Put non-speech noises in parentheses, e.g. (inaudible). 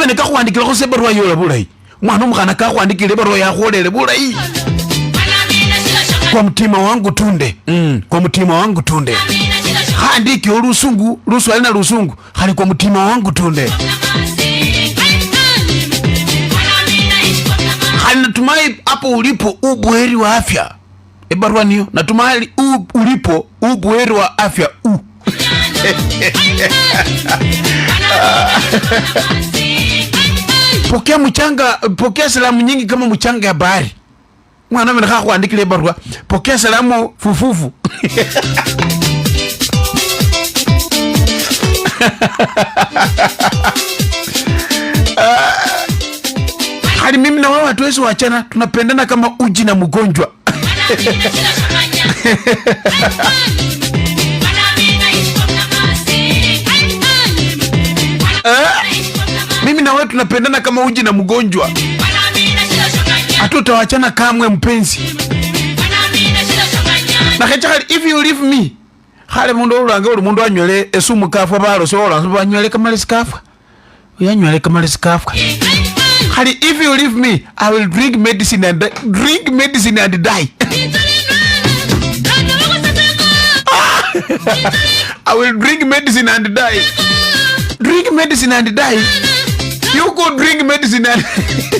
kavene kakhuwandikilekho se ebaruwa yola mwana omukhana kakhuwandikile ebaruwa yakholele bulayi kwa mutima wangu tunde mm. kwa mutima wangu tunde khandikio lusungu luswali na lusungu khali kwa mutima wangu tunde khali natumai hapo ulipo ubweri wa afya ebarua niyo natumai ulipo ubweri wa afya u (laughs) pokea mchanga, pokea salamu nyingi kama mchanga ya bahari. Mwana mimi nakaa kuandika ile barua. Pokea salamu fufufu. (laughs) Hadi mimi na wewe hatuwezi waachana, tunapendana kama uji na mgonjwa. (laughs) na wewe tunapendana kama uji na mgonjwa, hatutawachana kamwe mpenzi. nakhechakhali if you leave me khale mundu olange uli mundu anywele esumu kafwa balose olansoba anywele kamalesi kafwa uyanywele kamalesi kafwa khali if you leave me i will drink medicine and drink medicine and die i will drink medicine and die drink medicine and die (laughs) you could drink medicine